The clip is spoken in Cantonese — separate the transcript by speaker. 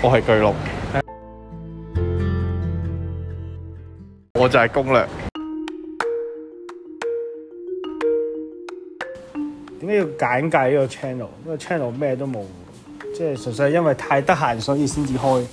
Speaker 1: 我係巨鹿，我就係攻略。
Speaker 2: 點解要簡介呢個 channel？這個 channel 咩都冇，即係純粹因為太得閒，所以先至開。